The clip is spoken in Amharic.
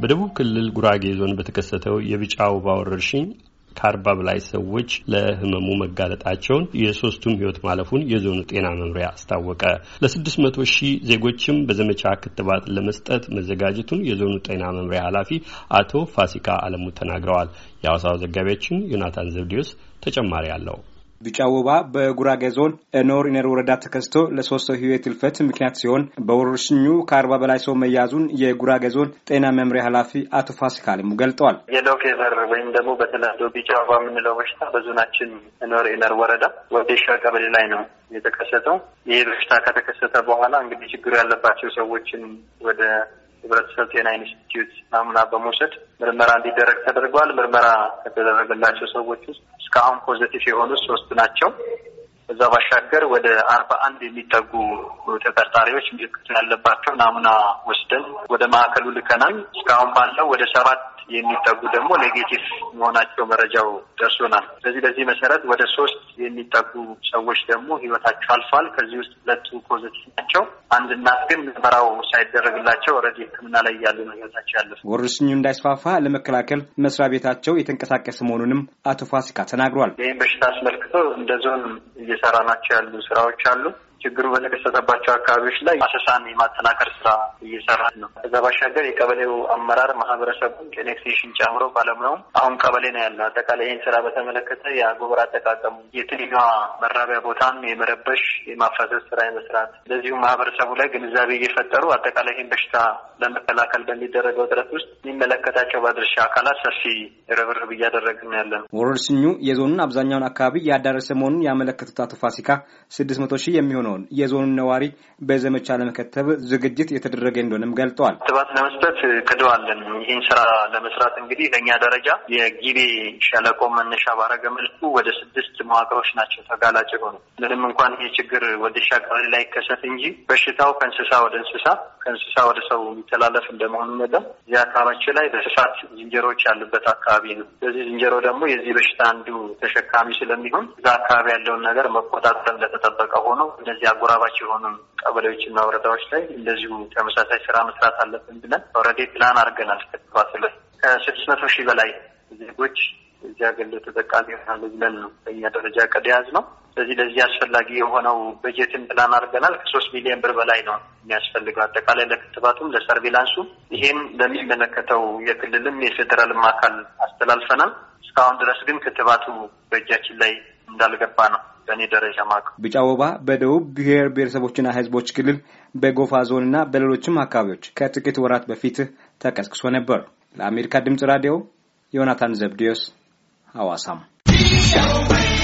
በደቡብ ክልል ጉራጌ ዞን በተከሰተው የቢጫ ወባ ወረርሽኝ ከአርባ በላይ ሰዎች ለህመሙ መጋለጣቸውን የሶስቱም ህይወት ማለፉን የዞኑ ጤና መምሪያ አስታወቀ። ለስድስት መቶ ሺህ ዜጎችም በዘመቻ ክትባት ለመስጠት መዘጋጀቱን የዞኑ ጤና መምሪያ ኃላፊ አቶ ፋሲካ አለሙ ተናግረዋል። የአዋሳው ዘጋቢያችን ዮናታን ዘብዲዮስ ተጨማሪ አለው። ቢጫ ወባ በጉራጌ ዞን እኖር ኢነር ወረዳ ተከስቶ ለሶስት ሰው ህይወት ህልፈት ምክንያት ሲሆን በወረርሽኙ ከአርባ በላይ ሰው መያዙን የጉራጌ ዞን ጤና መምሪያ ኃላፊ አቶ ፋሲካ ልሙ ገልጠዋል። የሎ ፌቨር ወይም ደግሞ በተለምዶ ቢጫ ወባ የምንለው በሽታ በዞናችን እኖር ኢነር ወረዳ ወዴሻ ቀበሌ ላይ ነው የተከሰተው። ይህ በሽታ ከተከሰተ በኋላ እንግዲህ ችግሩ ያለባቸው ሰዎችን ወደ ህብረተሰብ ጤና ኢንስቲትዩት ናሙና በመውሰድ ምርመራ እንዲደረግ ተደርጓል። ምርመራ ከተደረገላቸው ሰዎች ውስጥ እስካሁን ፖዘቲቭ የሆኑ ሶስት ናቸው። ከዛ ባሻገር ወደ አርባ አንድ የሚጠጉ ተጠርጣሪዎች ምልክት ያለባቸው ናሙና ወስደን ወደ ማዕከሉ ልከናል። እስካሁን ባለው ወደ ሰባት የሚጠጉ ደግሞ ኔጌቲቭ መሆናቸው መረጃው ደርሶናል። ስለዚህ በዚህ መሰረት ወደ ሶስት የሚጠጉ ሰዎች ደግሞ ህይወታቸው አልፏል። ከዚህ ውስጥ ሁለቱ ፖዘቲቭ ናቸው። አንድ እናት ግን ምርመራው ሳይደረግላቸው ኦልሬዲ ህክምና ላይ እያሉ ነው ህይወታቸው ያለፉ። ወረርሽኙ እንዳይስፋፋ ለመከላከል መስሪያ ቤታቸው የተንቀሳቀሰ መሆኑንም አቶ ፋሲካ ተናግሯል። ይህም በሽታ አስመልክቶ እንደ ዞን እየሰራ ናቸው ያሉ ስራዎች አሉ። ችግሩ በተከሰተባቸው አካባቢዎች ላይ ማሰሳን የማጠናከር ስራ እየሰራ ነው። ከዛ ባሻገር የቀበሌው አመራር ማህበረሰቡን ከኔክስቴሽን ጨምሮ ባለሙያውም አሁን ቀበሌ ነው ያለው። አጠቃላይ ይህን ስራ በተመለከተ የአጎበር አጠቃቀሙ የትኛዋ መራቢያ ቦታን የመረበሽ የማፋሰስ ስራ የመስራት እንደዚሁም ማህበረሰቡ ላይ ግንዛቤ እየፈጠሩ አጠቃላይ ይህን በሽታ ለመከላከል በሚደረገው ጥረት ውስጥ የሚመለከታቸው ባለድርሻ አካላት ሰፊ ርብርብ እያደረግን ያለ ነው። ወረርሽኙ የዞኑን አብዛኛውን አካባቢ ያዳረሰ መሆኑን ያመለከቱት አቶ ፋሲካ ስድስት መቶ ሺህ የሚሆነው የሆነውን የዞኑን ነዋሪ በዘመቻ ለመከተብ ዝግጅት የተደረገ እንደሆነም ገልጠዋል። ክትባት ለመስጠት ክደዋለን። ይህን ስራ ለመስራት እንግዲህ ለእኛ ደረጃ የጊቤ ሸለቆ መነሻ ባረገ መልኩ ወደ ስድስት መዋቅሮች ናቸው ተጋላጭ የሆኑ ምንም እንኳን ይህ ችግር ወደ ሻ ላይ ይከሰት እንጂ በሽታው ከእንስሳ ወደ እንስሳ ከእንስሳ ወደ ሰው የሚተላለፍ እንደመሆኑ መጠን እዚህ አካባቢያችን ላይ በስፋት ዝንጀሮዎች ያሉበት አካባቢ ነው። ስለዚህ ዝንጀሮ ደግሞ የዚህ በሽታ አንዱ ተሸካሚ ስለሚሆን እዛ አካባቢ ያለውን ነገር መቆጣጠር እንደተጠበቀ ሆኖ እነዚህ አጎራባች የሆኑ ቀበሌዎችና ወረዳዎች ላይ እንደዚሁ ተመሳሳይ ስራ መስራት አለብን ብለን ኦልሬዲ ፕላን አድርገናል። ክትባት ላይ ከስድስት መቶ ሺህ በላይ ዜጎች እዚህ አገልግሎት ተጠቃሚ ይሆናሉ ብለን ነው በእኛ ደረጃ ቀድ ያዝ ነው። ስለዚህ ለዚህ አስፈላጊ የሆነው በጀትን ፕላን አድርገናል። ከሶስት ሚሊዮን ብር በላይ ነው የሚያስፈልገው አጠቃላይ ለክትባቱም ለሰርቬላንሱ። ይሄን ለሚመለከተው የክልልም የፌዴራልም አካል አስተላልፈናል። እስካሁን ድረስ ግን ክትባቱ በእጃችን ላይ እንዳልገባ ነው በእኔ ደረጃ ማቅ ቢጫ ወባ በደቡብ ብሔር ብሔረሰቦችና ህዝቦች ክልል በጎፋ ዞን እና በሌሎችም አካባቢዎች ከጥቂት ወራት በፊት ተቀስቅሶ ነበር። ለአሜሪካ ድምፅ ራዲዮ ዮናታን ዘብዲዮስ ሐዋሳም